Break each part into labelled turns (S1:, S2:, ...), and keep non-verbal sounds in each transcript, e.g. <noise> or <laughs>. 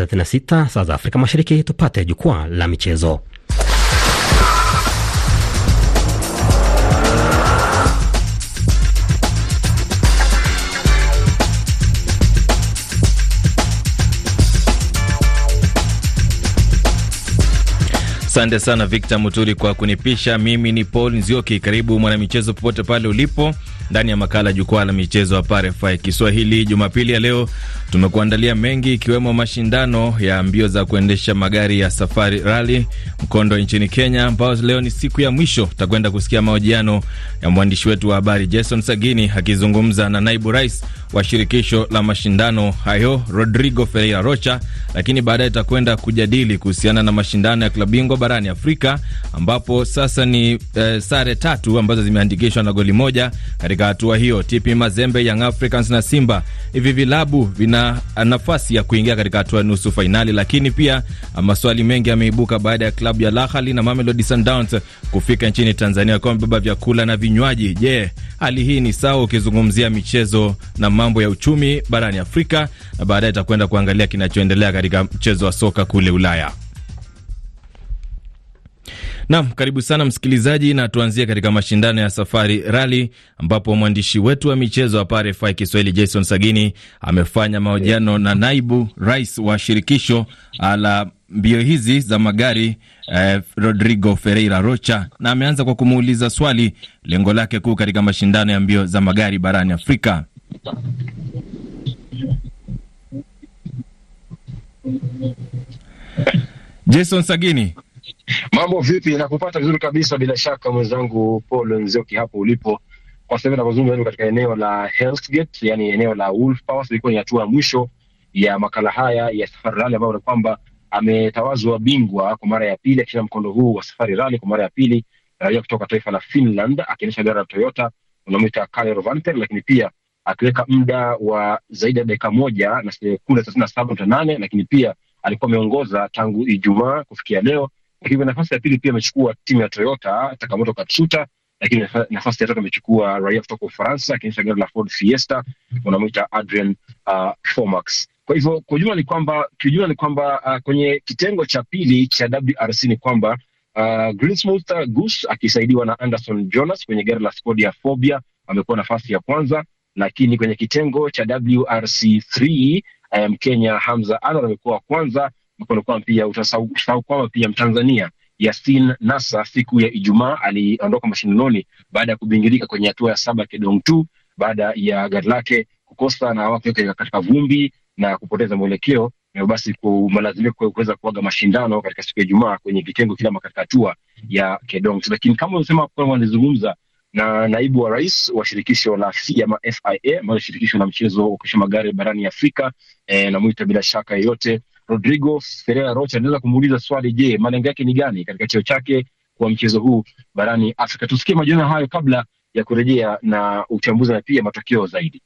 S1: 36 saa za Afrika Mashariki, tupate jukwaa la michezo.
S2: Asante sana Victor Muturi kwa kunipisha. Mimi ni Paul Nzioki. Karibu mwanamichezo, popote pale ulipo, ndani ya makala jukwaa la michezo hapa RFI Kiswahili. Jumapili ya leo Tumekuandalia mengi ikiwemo mashindano ya mbio za kuendesha magari ya Safari rali Mkondo nchini Kenya, ambao leo ni siku ya mwisho. Tutakwenda kusikia mahojiano ya mwandishi wetu wa habari Jason Sagini akizungumza na naibu rais wa shirikisho la mashindano hayo Rodrigo Ferreira Rocha, lakini baadaye tutakwenda kujadili kuhusiana na mashindano ya klabu bingwa barani Afrika ambapo sasa ni eh, sare tatu ambazo zimeandikishwa na goli moja katika hatua hiyo. TP Mazembe, Young Africans na Simba, hivi vilabu vina nafasi ya kuingia katika hatua ya nusu fainali, lakini pia ah, maswali mengi yameibuka baada ya klabu ya Lahali na Mamelodi Sundowns kufika nchini Tanzania kwa mbeba vyakula na vinywaji. Je, yeah, hali hii ni sawa ukizungumzia michezo na mambo ya uchumi barani Afrika, na baadaye itakwenda kuangalia kinachoendelea katika mchezo wa soka kule Ulaya. Nam, karibu sana msikilizaji, na tuanzie katika mashindano ya Safari Rali ambapo mwandishi wetu wa michezo hapa RFI Kiswahili Jason Sagini amefanya mahojiano na naibu rais wa shirikisho ah, la mbio hizi za magari eh, Rodrigo Ferreira Rocha, na ameanza kwa kumuuliza swali lengo lake kuu katika mashindano ya mbio za magari barani Afrika. Jason Sagini. Mambo
S3: vipi? Nakupata vizuri kabisa, bila shaka mwenzangu Paul Nzioki hapo ulipo. Kwa sasa hivi katika eneo la Hell's yani eneo la wolf Ilikuwa ni hatua ya mwisho ya makala haya ya Safari rali ambayo kwamba ametawazwa bingwa kwa mara ya pili akishinda mkondo huu wa Safari rali kwa mara ya pili, raia kutoka taifa la Finland akiendesha gari la Toyota unamwita Kalle lakini pia akiweka muda wa zaidi ya dakika moja na sekunde thelathini na saba nukta nane lakini pia alikuwa ameongoza tangu Ijumaa kufikia leo lakini nafasi ya pili pia amechukua timu ya Toyota Takamoto Katsuta, lakini nafasi ya tatu amechukua raia kutoka Ufaransa akionyesha gari la Ford Fiesta, wanamwita Adrian uh, Formax. Kwa hivyo kiujumla ni kwamba kiujumla ni kwamba uh, kwenye kitengo cha pili cha WRC ni kwamba uh, Greensmouth Gus akisaidiwa na Anderson Jonas kwenye gari la Skoda Fobia amekuwa nafasi ya kwanza, lakini kwenye kitengo cha WRC3 Mkenya um, Hamza Anwar amekuwa wa kwanza kulikuwa pia utasahau kwamba pia Mtanzania Yasin Nasa siku ya Ijumaa aliondoka mashindanoni baada ya kubingirika kwenye hatua ya saba kedong tu baada ya gari lake kukosa na wake katika vumbi na kupoteza mwelekeo, basi kumalazimika kuweza kuaga mashindano katika siku ya Ijumaa kwenye kitengo kila katika hatua ya kedong. Lakini kama ulivyosema alizungumza na naibu wa rais wa shirikisho la ama FIA ambayo shirikisho la mchezo wa kuendesha magari barani Afrika eh, namwita bila shaka yeyote Rodrigo Ferreira Rocha anaweza kumuuliza swali, je, malengo yake ni gani katika cheo chake kwa mchezo huu barani Afrika? Tusikie majina hayo kabla ya kurejea na uchambuzi na pia matokeo
S1: zaidi.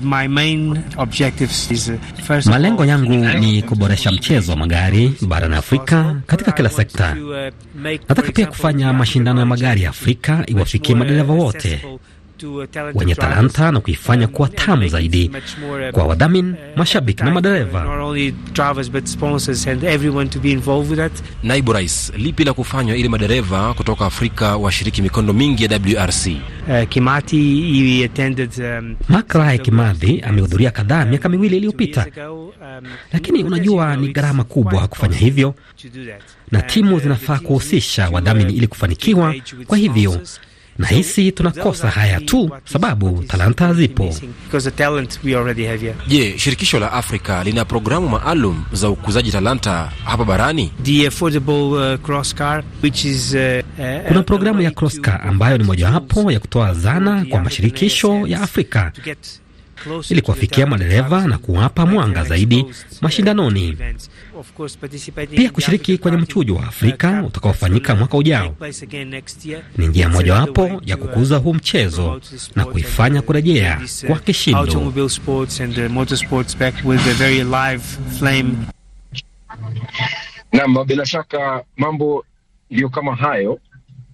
S1: My main objectives is, first malengo yangu ni kuboresha mchezo wa magari barani Afrika katika kila sekta. Uh, Nataka pia kufanya mashindano ya magari ya Afrika iwafikie madereva wote Uh, wenye talanta na kuifanya kuwa tamu zaidi uh, kwa wadhamin uh, mashabiki na madereva.
S3: Naibu Rais, lipi la kufanywa ili madereva kutoka Afrika washiriki mikondo mingi ya WRC?
S1: Uh, um, Makra ya Kimathi amehudhuria kadhaa miaka miwili iliyopita, um, lakini unajua ni gharama kubwa kufanya hivyo, na timu zinafaa kuhusisha wadhamini ili kufanikiwa. Kwa hivyo Nahisi tunakosa haya tu, sababu talanta hazipo.
S3: Je, shirikisho la Afrika lina programu maalum za ukuzaji talanta hapa barani?
S1: Uh, uh, kuna programu ya crosscar ambayo ni mojawapo ya kutoa zana kwa mashirikisho ya Afrika ili kuwafikia madereva na kuwapa mwanga zaidi uh, mashindanoni. Pia kushiriki kwenye mchujo wa Afrika utakaofanyika mwaka ujao ni njia mojawapo ya uh, kukuza huu mchezo na kuifanya uh, kurejea kwa kishindo.
S3: Naam, bila shaka mambo ndiyo kama hayo.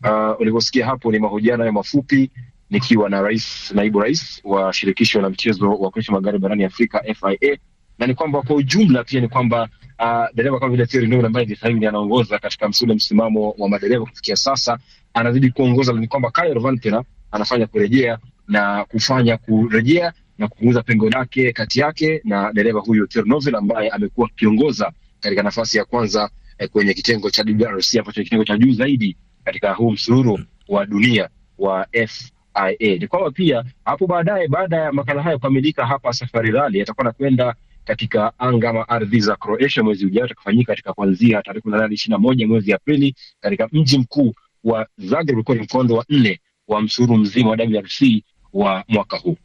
S3: Uh, ulivyosikia hapo ni mahojiano ya mafupi nikiwa na rais, naibu rais wa shirikisho la mchezo wa kuonyesha magari barani Afrika FIA, na ni kwamba kwa ujumla pia ni kwamba uh, dereva kama vile Thierry Neuville ambaye sasa hivi anaongoza katika msule msimamo wa madereva kufikia sasa, anazidi kuongoza. Ni kwamba Kalle Rovanpera anafanya kurejea na kufanya kurejea na kupunguza pengo lake kati yake na dereva huyu Thierry Neuville ambaye amekuwa akiongoza katika nafasi ya kwanza eh, kwenye kitengo cha DRC ambacho ni kitengo cha juu zaidi katika huu msururu wa dunia wa F ia ni kwamba pia hapo baadaye, baada ya makala hayo kukamilika, hapa Safari Rali yatakuwa nakwenda katika anga ama ardhi za Croatia mwezi ujao, itakufanyika katika kuanzia tarehe kumi na nane ishirini na moja mwezi Aprili katika mji mkuu wa Zagreb, ukiwa ni mkondo wa nne wa msururu mzima wa WRC wa
S2: mwaka huu.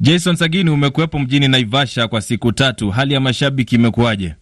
S2: Jason Sagini, umekuwepo mjini Naivasha kwa siku tatu, hali ya mashabiki imekuwaje?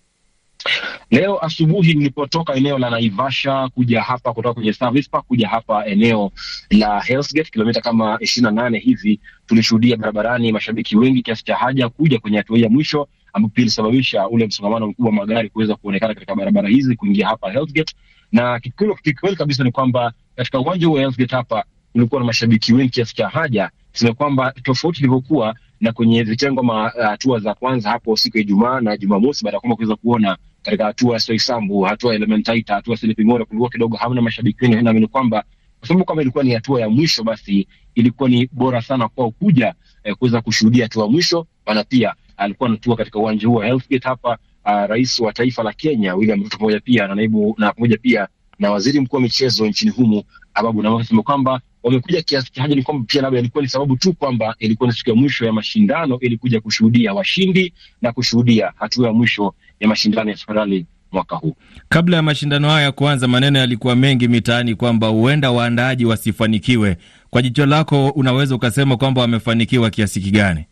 S3: Leo asubuhi nilipotoka eneo la Naivasha kuja hapa kutoka kwenye Service Park kuja hapa eneo la Hell's Gate kilomita kama ishirini na nane hivi, tulishuhudia barabarani mashabiki wengi kiasi cha haja kuja kwenye hatua ya mwisho ambapo ilisababisha ule msongamano mkubwa wa magari kuweza kuonekana katika barabara hizi kuingia hapa Hell's Gate. Na kikweli kabisa ni kwamba katika uwanja huu wa Hell's Gate hapa kulikuwa na mashabiki wengi kiasi cha haja, tuseme kwamba tofauti ilivyokuwa na kwenye vitengo ama uh, hatua za kwanza hapo siku ya Ijumaa na Jumamosi, baada ya kwamba kuweza kuona katika hatua ya Soisambu, hatua ya Elementaita, hatua ya Silipingora, kulikuwa kidogo hamna mashabiki wengi. Naamini kwamba kwa sababu kama ilikuwa ni hatua ya mwisho, basi ilikuwa ni bora sana kwao kuja eh, kuweza kushuhudia hatua ya mwisho, maana pia alikuwa anatua katika uwanja huu wa Hell's Gate hapa. Uh, rais wa taifa la Kenya William Ruto pamoja pia na naibu na pamoja pia na waziri mkuu wa michezo nchini humu Ababu na wakasema kwamba wamekuja kiasi cha haja, ni kwamba pia labda ilikuwa ni sababu tu kwamba ilikuwa ni siku ya mwisho ya mashindano ili kuja kushuhudia washindi na kushuhudia hatua ya mwisho ya mashindano ya Super Rally
S2: mwaka huu. Kabla ya mashindano haya kuanza, maneno yalikuwa mengi mitaani kwamba huenda waandaaji wasifanikiwe. Kwa jicho lako, unaweza ukasema kwamba wamefanikiwa kiasi kigani?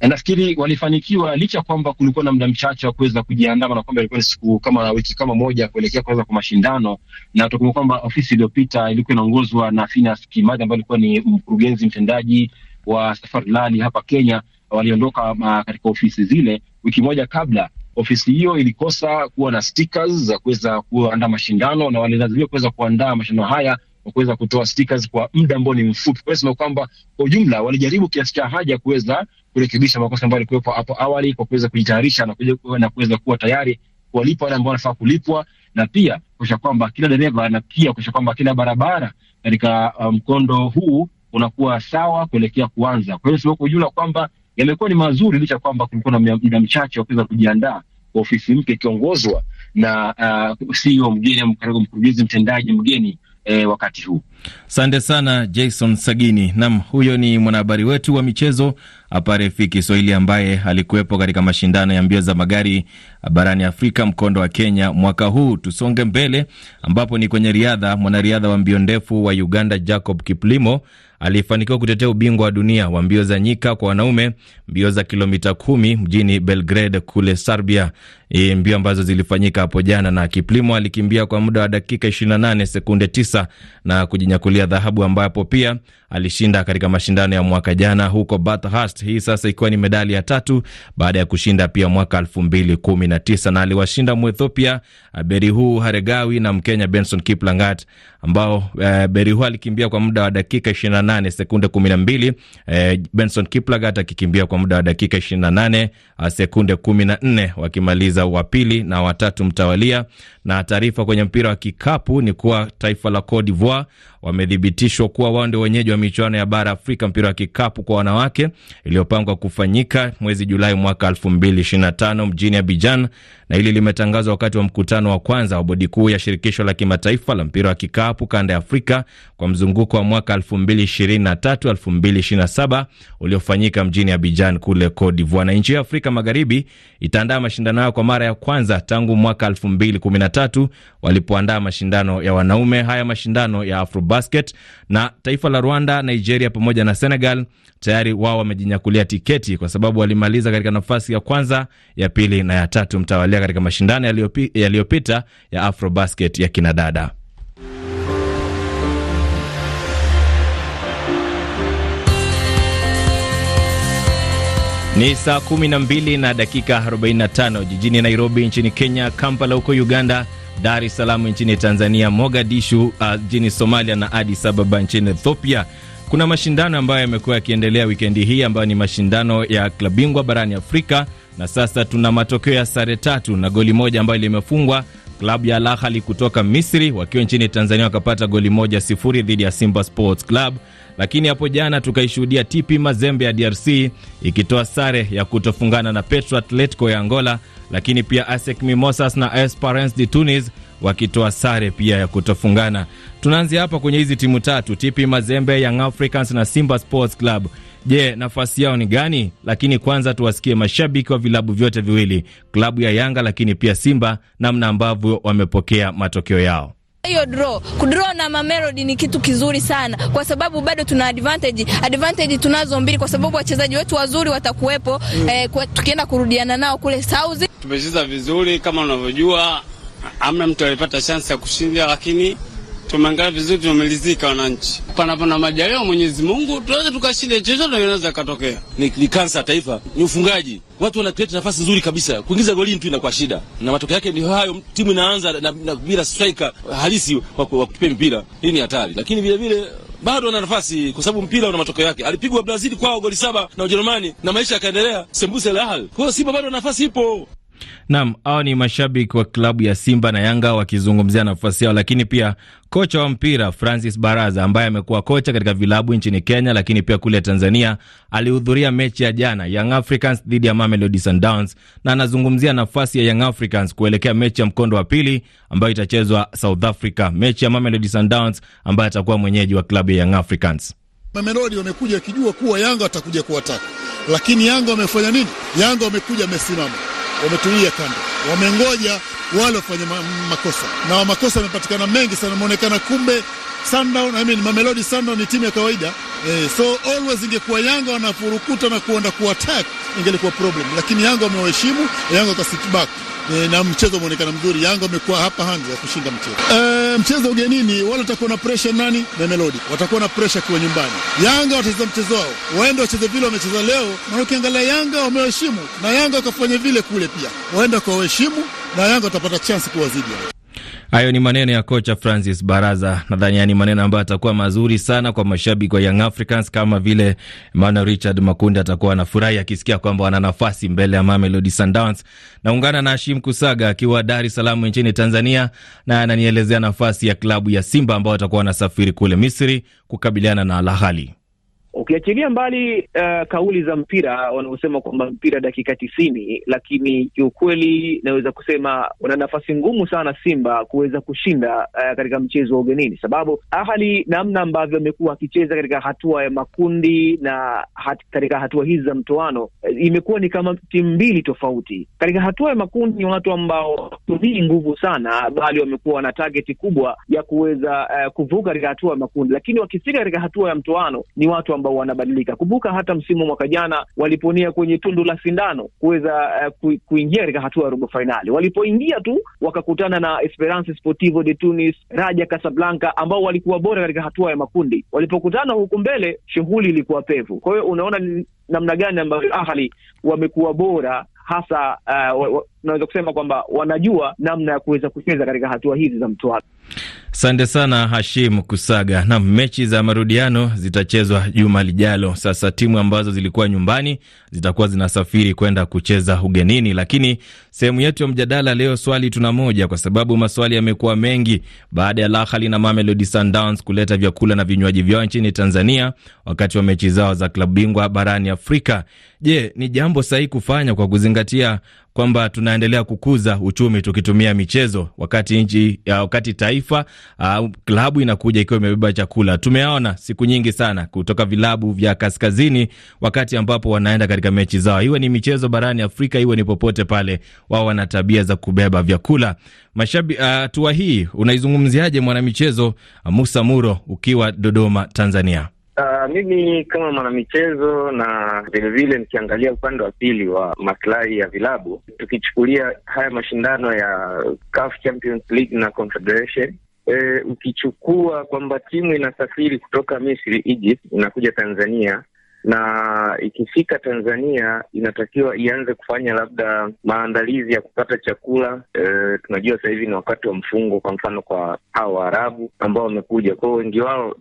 S3: Eh, nafikiri walifanikiwa licha kwamba kulikuwa na muda mchache wa kuweza kujiandama, na kwamba ilikuwa ni siku kama wiki kama moja kuelekea kuanza kwa mashindano, na tukumbuka kwamba ofisi iliyopita ilikuwa inaongozwa na Finas Kimathi ambaye alikuwa ni mkurugenzi mtendaji wa Safari Rally hapa Kenya. Waliondoka ah, katika ofisi zile wiki moja kabla ofisi hiyo ilikosa kuwa na stickers za kuweza kuandaa mashindano na walilazimika kuweza kuandaa mashindano haya kwa kuweza kutoa stickers kwa muda ambao ni mfupi. Kwa hiyo kwamba kwa ujumla walijaribu kiasi cha haja kuweza kurekebisha makosa ambayo yalikuwepo hapo awali kwa kuweza kujitayarisha na kuweza kuwa tayari kuwalipa wale ambao wanafaa kulipwa na pia kuisha kwamba kila dereva na pia kuisha kwamba kila barabara katika uh, mkondo um, huu unakuwa sawa kuelekea kuanza. Kwa hiyo kwa ujumla kwamba yamekuwa ni mazuri, licha kwamba kulikuwa na muda mchache wa kuweza kujiandaa kwa ofisi mpya ikiongozwa na uh, CEO mgeni au mkurugenzi mtendaji mgeni eh,
S2: wakati huu. Asante sana Jason Sagini. Naam, huyo ni mwanahabari wetu wa michezo hapa RFI Kiswahili ambaye alikuwepo katika mashindano ya mbio za magari uh, barani Afrika mkondo wa Kenya mwaka huu. Tusonge mbele ambapo ni kwenye riadha. Mwanariadha wa mbio ndefu wa Uganda Jacob Kiplimo alifanikiwa kutetea ubingwa wa dunia wa mbio za nyika kwa wanaume, mbio za kilomita kumi mjini Belgrade kule Serbia E, mbio ambazo zilifanyika hapo jana na Kiplimo alikimbia kwa muda wa dakika 28 sekunde 9 na kujinyakulia dhahabu ambapo pia alishinda katika mashindano ya mwaka jana huko Bathurst, hii sasa ikiwa ni medali ya tatu baada ya kushinda pia mwaka 2019 na aliwashinda Mwethiopia eh, Berihu Haregawi na Mkenya Benson Kiplangat ambao eh, Berihu alikimbia kwa muda wa dakika 28 sekunde 12, eh, Benson Kiplangat akikimbia kwa muda wa dakika 28 eh, sekunde 14 wakimaliza za wa pili na watatu mtawalia. Na taarifa kwenye mpira wa kikapu ni kuwa taifa la Cote d'Ivoire wamethibitishwa kuwa wao ndio wenyeji wa michuano ya bara Afrika mpira wa kikapu kwa wanawake iliyopangwa kufanyika mwezi Julai mwaka 2025 mjini Abidjan, na hili limetangazwa wakati wa mkutano wa kwanza wa bodi kuu ya shirikisho la kimataifa la mpira wa kikapu kanda ya Afrika kwa mzunguko wa mwaka 2023 2027 uliofanyika mjini Abidjan kule Cote d'Ivoire. Na nchi ya Afrika Magharibi itaandaa mashindano hayo kwa mara ya kwanza tangu mwaka 2013 walipoandaa mashindano ya wanaume haya mashindano ya Afro Basket, na taifa la Rwanda, Nigeria pamoja na Senegal tayari wao wamejinyakulia tiketi kwa sababu walimaliza katika nafasi ya kwanza, ya pili na ya tatu mtawalia katika mashindano yaliyopita ya, Afrobasket ya kinadada. Ni saa 12 na dakika 45 jijini Nairobi nchini Kenya, Kampala huko Uganda Dar es Salaam nchini Tanzania, Mogadishu nchini uh, Somalia na Addis Ababa nchini Ethiopia. Kuna mashindano ambayo yamekuwa yakiendelea wikendi hii ambayo ni mashindano ya klabu bingwa barani Afrika, na sasa tuna matokeo ya sare tatu na goli moja ambayo limefungwa klabu ya Al Ahly kutoka Misri wakiwa nchini Tanzania wakapata goli moja sifuri dhidi ya Simba Sports Club. Lakini hapo jana tukaishuhudia TP Mazembe ya DRC ikitoa sare ya kutofungana na Petro Atletico ya Angola lakini pia ASEC Mimosas na Esperance de Tunis wakitoa sare pia ya kutofungana. Tunaanzia hapa kwenye hizi timu tatu, TP Mazembe, Young Africans na Simba Sports Club. Je, nafasi yao ni gani? Lakini kwanza tuwasikie mashabiki wa vilabu vyote viwili, klabu ya Yanga lakini pia Simba, namna ambavyo wamepokea matokeo yao hiyo draw. Kudraw na Mamelodi ni kitu kizuri sana kwa sababu bado tuna advantage. Advantage tunazo mbili kwa sababu wachezaji wetu wazuri watakuwepo mm. Eh, tukienda kurudiana nao kule South. Tumecheza vizuri kama unavyojua, amna mtu alipata chance ya kushinda lakini tumeangalia vizuri, tumemalizika wananchi. Panapo na majaliwa Mwenyezi Mungu tunaweza tukashinde, chochote kinaweza katokea. Ni, ni kansa ya taifa, ni ufungaji. Watu wanatuleta nafasi nzuri kabisa, kuingiza golini tu inakuwa shida,
S3: na matokeo yake ndio hayo, timu inaanza na, na, na bila striker halisi wa kutupia mpira. Hii ni hatari, lakini vile vile bado ana nafasi kwa sababu mpira una matokeo yake. Alipigwa Brazil kwao goli saba na Ujerumani na maisha yakaendelea sembuse lahal. Kwa hiyo Simba bado nafasi ipo.
S2: Naam, hao ni mashabiki wa klabu ya Simba na Yanga wakizungumzia nafasi yao, lakini pia kocha wa mpira Francis Baraza ambaye amekuwa kocha katika vilabu nchini Kenya, lakini pia kule Tanzania, alihudhuria mechi ya jana Young Africans dhidi ya Mamelodi Sundowns, na anazungumzia nafasi ya Young Africans kuelekea mechi ya mkondo wa pili ambayo itachezwa South Africa, mechi ya Mamelodi Sundowns ambaye atakuwa mwenyeji wa klabu ya Young Africans. Mamelodi wamekuja wakijua kuwa Yanga watakuja kuwataka,
S4: lakini Yanga wamefanya nini? Yanga wamekuja wamesimama wametulia kando,
S2: wamengoja wale wafanye makosa, na makosa yamepatikana mengi sana. Imeonekana kumbe Sundown, I mean, Mamelodi Sundown ni timu ya kawaida eh, so always ingekuwa Yanga wanafurukuta na kuenda kuattack ingelikuwa problem, lakini Yanga wamewaheshimu, Yanga kasi back e, na mchezo mwonekana mzuri. Yanga amekuwa hapa hanzi ya kushinda mchezo e, mchezo ugenini, wala watakuwa na presha nani na Melodi watakuwa na presha kwa nyumbani. Yanga watacheza mchezo wao, waende wacheze vile wamecheza leo, maana ukiangalia Yanga wameheshimu na Yanga wakafanya vile kule pia, waenda kwa waheshimu na Yanga watapata chansi kuwazidi. Hayo ni maneno ya kocha Francis Baraza. Nadhani ni maneno ambayo atakuwa mazuri sana kwa mashabiki wa Young Africans, kama vile Emmanuel Richard Makundi atakuwa anafurahi akisikia kwamba wana nafasi mbele ya Mamelodi Sundowns. Naungana na Hashim Kusaga akiwa Dar es Salaam nchini Tanzania, naye ananielezea nafasi ya klabu ya Simba ambao watakuwa wanasafiri kule Misri kukabiliana na Al Ahly.
S4: Ukiachilia mbali uh, kauli za mpira wanaosema kwamba mpira dakika tisini, lakini kiukweli naweza kusema wana nafasi ngumu sana Simba kuweza kushinda uh, katika mchezo wa ugenini, sababu ahali namna ambavyo amekuwa akicheza katika hatua ya makundi na hat, katika hatua hizi za mtoano uh, imekuwa ni kama timu mbili tofauti. Katika hatua ya makundi ni watu ambao tumii nguvu sana, bali wamekuwa na tageti kubwa ya kuweza uh, kuvuka katika hatua ya makundi, lakini wakifika katika hatua ya mtoano ni watu kwamba wanabadilika. Kumbuka hata msimu mwaka jana waliponia kwenye tundu la sindano kuweza uh, kuingia katika hatua ya robo fainali, walipoingia tu wakakutana na Esperance Sportivo de Tunis, Raja Casablanca ambao walikuwa bora katika hatua ya makundi. Walipokutana huku mbele, shughuli ilikuwa pevu. Kwa hiyo unaona namna gani ambavyo Ahli wamekuwa bora hasa uh, tunaweza kusema kwamba wanajua namna ya kuweza kucheza katika hatua hizi za mtoano.
S2: Asante sana Hashim Kusaga. Nam, mechi za marudiano zitachezwa juma lijalo. Sasa timu ambazo zilikuwa nyumbani zitakuwa zinasafiri kwenda kucheza ugenini, lakini sehemu yetu ya mjadala leo swali tuna moja, kwa sababu maswali yamekuwa mengi baada ya Lahali na Mamelodi Sundowns kuleta vyakula na vinywaji vyao nchini Tanzania wakati wa mechi zao za klabu bingwa barani Afrika. Je, ni jambo sahihi kufanya kwa kuzingatia kwamba tunaendelea kukuza uchumi tukitumia michezo, wakati nchi wakati taifa uh, klabu inakuja ikiwa imebeba chakula. Tumeona siku nyingi sana kutoka vilabu vya kaskazini, wakati ambapo wanaenda katika mechi zao, iwe ni michezo barani Afrika, iwe ni popote pale, wao wana tabia za kubeba vyakula. Mashabi, hatua uh, hii unaizungumziaje mwanamichezo Musa Muro ukiwa Dodoma, Tanzania?
S5: Uh, mimi kama mwanamichezo na vilevile nikiangalia upande wa pili wa maslahi ya vilabu, tukichukulia haya mashindano ya CAF Champions League na Confederation e, ukichukua kwamba timu inasafiri kutoka Misri Egypt, inakuja Tanzania na ikifika Tanzania inatakiwa ianze kufanya labda maandalizi ya kupata chakula. E, tunajua sasa hivi ni wakati wa mfungo, kwa mfano kwa hawa Waarabu ambao wamekuja kwao, wengi wao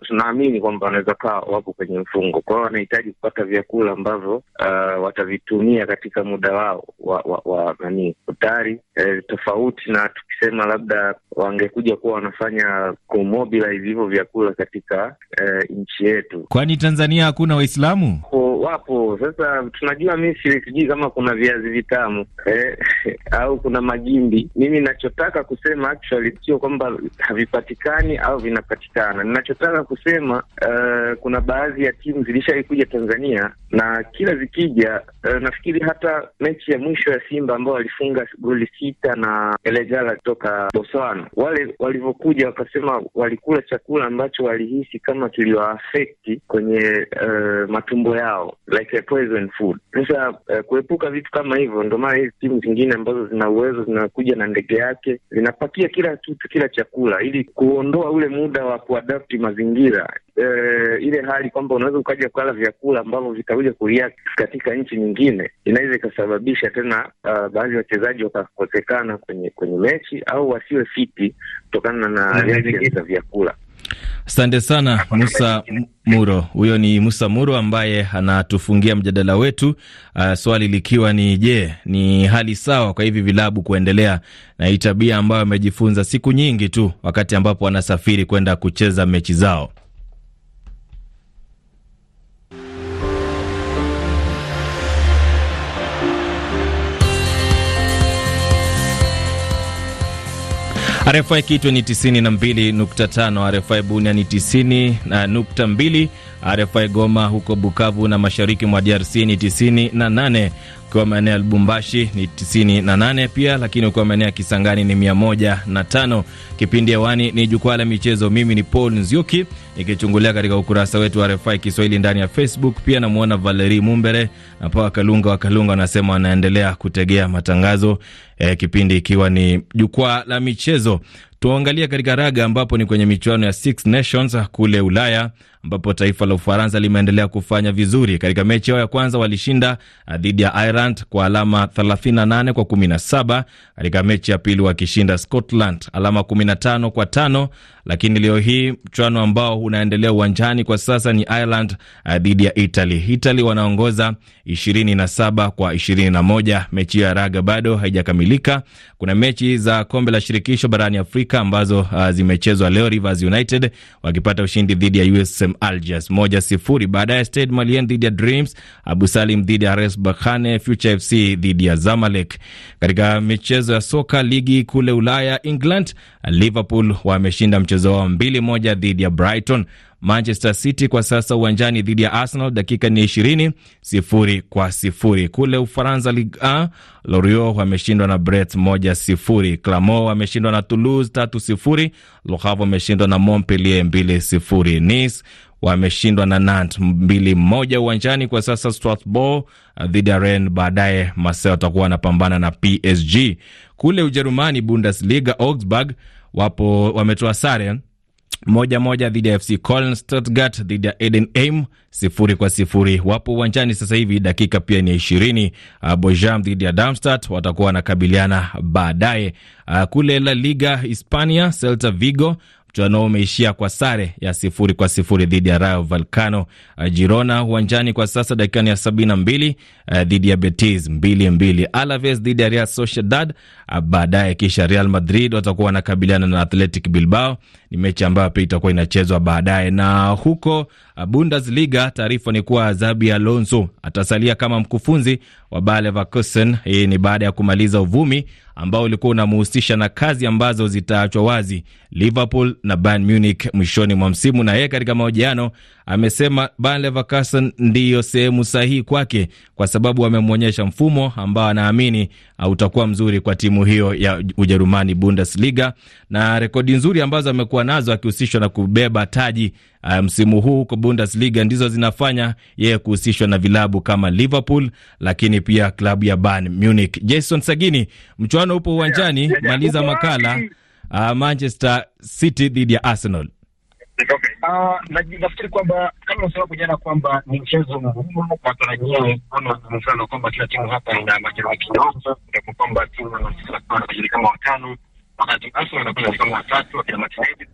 S5: tunaamini tuna kwamba wanaweza kaa wapo kwenye mfungo, kwa hiyo wanahitaji kupata vyakula ambavyo uh, watavitumia katika muda wao wa, wa, wa nani utari, e, tofauti na tukisema labda wangekuja kuwa wanafanya kumobilize hivyo vyakula katika e, nchi yetu,
S2: kwani Tanzania hakuna Waislamu
S5: wapo. Sasa tunajua, mi sijui kama kuna viazi vitamu eh, <laughs> au kuna magimbi. Mimi nachotaka kusema actually sio kwamba havipatikani au vinapatikana. Ninachotaka kusema uh, kuna baadhi ya timu kuja Tanzania na kila zikija, uh, nafikiri hata mechi ya mwisho ya Simba ambao walifunga goli sita na Elegala kutoka Botswana, wale walivyokuja wakasema walikula chakula ambacho walihisi kama kiliwaafekti kwenye uh, Eh, matumbo yao like a poison food. Sasa uh, kuepuka vitu kama hivyo, ndio maana hizi timu zingine ambazo zina uwezo zinakuja na ndege yake zinapakia kila kitu, kila chakula, ili kuondoa ule muda wa kuadapti mazingira uh, ile hali kwamba unaweza ukaja kukala vyakula ambavyo vitakuja kulia katika nchi nyingine, inaweza ikasababisha tena uh, baadhi ya wachezaji wakakosekana kwenye kwenye mechi au wasiwe fiti kutokana na za vyakula.
S2: Asante sana Musa Muro. Huyo ni Musa Muro ambaye anatufungia mjadala wetu, uh, swali likiwa ni je, ni hali sawa kwa hivi vilabu kuendelea na hii tabia ambayo amejifunza siku nyingi tu wakati ambapo wanasafiri kwenda kucheza mechi zao? RFI Kitwe ni 92.5, RFI Bunia ni 90.2, RFI Goma huko Bukavu na mashariki mwa DRC ni 98, kwa maeneo ya Lubumbashi ni 98 pia, lakini kwa maeneo ya Kisangani ni 105. Kipindi hewani ni jukwaa la michezo. Mimi ni Paul Nzioki nikichungulia katika ukurasa wetu wa RFI Kiswahili ndani ya Facebook. Pia namwona Valeri Mumbere na Pawa Kalunga wa Kalunga wanasema wanaendelea kutegea matangazo eh, kipindi ikiwa ni jukwaa la michezo. Tuangalia katika raga ambapo ni kwenye michuano ya Six Nations kule Ulaya ambapo taifa la Ufaransa limeendelea kufanya vizuri. Katika mechi yao ya kwanza walishinda eh, dhidi ya Ireland kwa alama 38 kwa 17, katika mechi ya pili wakishinda Scotland alama 15 kwa tano. Lakini leo hii mchuano ambao unaendelea uwanjani kwa sasa ni Ireland eh, dhidi ya Italy. Italy wanaongoza 27 kwa 21. Mechi ya raga bado haijakamilika. Kuna mechi za kombe la shirikisho barani Afrika Afrika ambazo uh, zimechezwa leo, Rivers United wakipata ushindi dhidi ya USM Alger moja sifuri. Baadaye Stade Malien dhidi ya Dreams, Abu Salim dhidi ya RS Berkane, Future FC dhidi ya Zamalek. Katika michezo ya soka ligi kule Ulaya England, Liverpool wameshinda mchezo wao mbili moja dhidi ya Brighton. Manchester City kwa sasa uwanjani dhidi ya Arsenal, dakika ni ishirini sifuri kwa sifuri. Kule Ufaransa, Ligue 1 Lorient wameshindwa na Brest moja sifuri, Clermont wameshindwa na Toulouse tatu sifuri, Le Havre wameshindwa na Montpellier mbili sifuri, Nice wameshindwa na Nantes mbili moja uwanjani kwa sasa. Strasbourg uh, dhidi ya Rennes, baadaye Marseille watakuwa wanapambana na PSG. Kule Ujerumani, Bundesliga, Augsburg wapo wametoa sare moja moja dhidi ya FC Köln. Stuttgart dhidi ya Aim sifuri kwa sifuri, wapo uwanjani sasa hivi, dakika pia ni ishirini. Ah, bojam dhidi ya Darmstadt watakuwa wanakabiliana baadaye. Ah, kule La Liga Hispania, Celta Vigo mchuano umeishia kwa sare ya sifuri kwa sifuri dhidi ya Rayo Vallecano. Uh, Girona uwanjani kwa sasa dakikani ya sabini na mbili uh, dhidi ya Betis mbili mbili. Alaves dhidi ya Real Sociedad uh, baadaye, kisha Real Madrid watakuwa wanakabiliana na Athletic Bilbao. Ni mechi ambayo pia itakuwa inachezwa baadaye na huko Bundesliga. Taarifa ni kuwa Xabi Alonso atasalia kama mkufunzi wa Bayer Leverkusen. Hii ni baada ya kumaliza uvumi ambao ulikuwa unamhusisha na kazi ambazo zitaachwa wazi Liverpool na Bayern Munich mwishoni mwa msimu. Na yeye katika mahojiano amesema Bayer Leverkusen ndiyo sehemu sahihi kwake, kwa sababu amemwonyesha mfumo ambao anaamini utakuwa mzuri kwa timu hiyo ya Ujerumani Bundesliga, na rekodi nzuri ambazo amekuwa nazo akihusishwa na kubeba taji Ah, msimu huu huko Bundesliga ndizo zinafanya yeye kuhusishwa na vilabu kama Liverpool, lakini pia klabu ya Bayern Munich. Jason Sagini, mchuano upo uwanjani, maliza makala uh, Manchester City dhidi ya Arsenal.
S3: Uh, nafikiri kwamba kama jana kwamba ni mchezo mgumu,
S5: kuona mfano kwamba kila timu hapa ina kidogo, kwamba timu kama watano, wakati Arsenal anakuwa kama watatu, Martinelli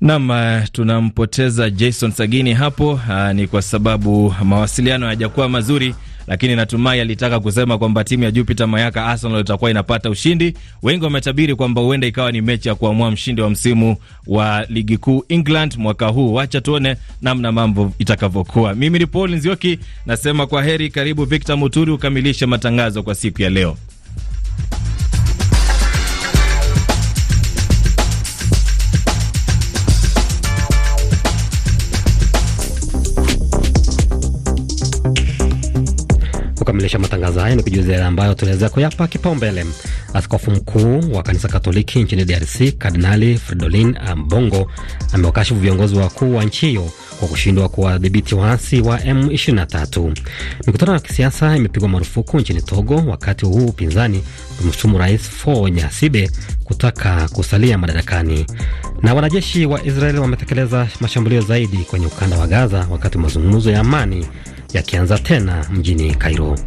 S2: Nam, eh, tunampoteza Jason Sagini hapo. Aa, eh, ni kwa sababu mawasiliano hayajakuwa mazuri, lakini natumai alitaka kusema kwamba timu ya Jupiter Mayaka Arsenal itakuwa inapata ushindi. Wengi wametabiri kwamba huenda ikawa ni mechi ya kuamua mshindi wa msimu wa ligi kuu England mwaka huu. Wacha tuone namna mambo itakavyokuwa. Mimi ni Paul Nzioki nasema kwa heri. Karibu Victor Muturi ukamilishe matangazo kwa siku ya leo.
S1: kukamilisha matangazo haya ni kujuza yale ambayo tunaweza kuyapa kipaumbele. Askofu mkuu wa kanisa Katoliki nchini DRC Kardinali Fridolin Ambongo amewakashifu viongozi wakuu wa nchi hiyo kwa kushindwa kuwadhibiti waasi wa M23. Mikutano ya kisiasa imepigwa marufuku nchini Togo, wakati huu upinzani kumshutumu Rais Faure Nyasibe kutaka kusalia madarakani. Na wanajeshi wa Israeli wametekeleza mashambulio zaidi kwenye ukanda wa Gaza wakati mazungumzo ya amani yakianza tena mjini Kairo.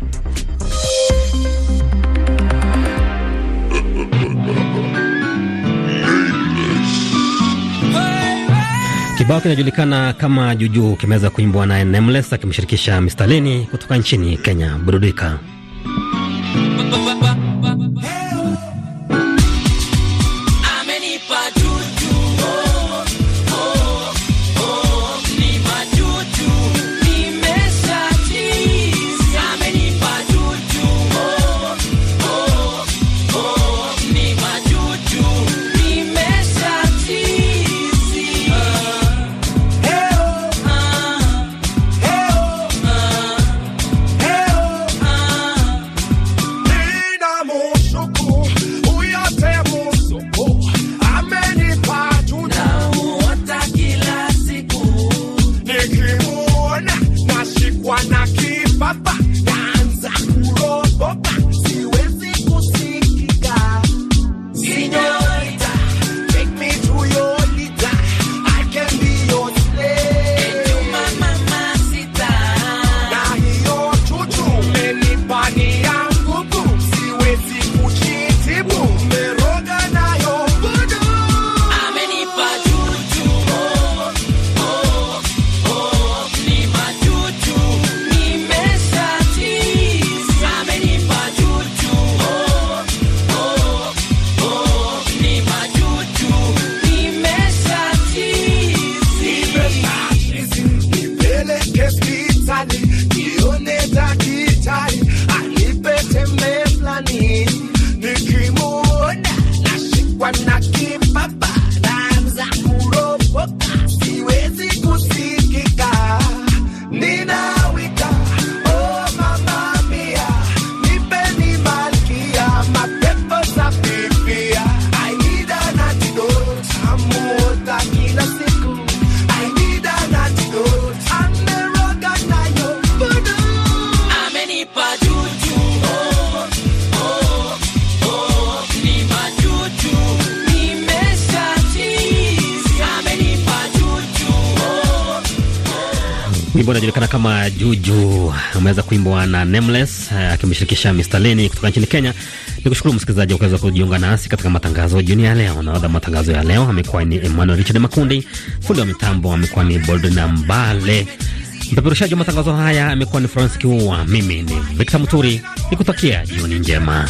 S1: Kibao kinajulikana kama Juju kimeweza kuimbwa naye Nameless akimshirikisha Mr Leni kutoka nchini Kenya. Burudika. Wimbo unajulikana kama Juju ameweza kuimbwa na Nameless eh, akimshirikisha Mr Leni kutoka nchini Kenya. Ni kushukuru msikilizaji ukaweza kujiunga nasi katika matangazo jioni ya leo. Naodha matangazo ya leo amekuwa ni Emmanuel Richard Makundi, fundi wa mitambo amekuwa ni Boldna Mbale, mpeperushaji wa matangazo haya amekuwa ni Francis Kiua, mimi ni Victor Muturi nikutakia jioni njema.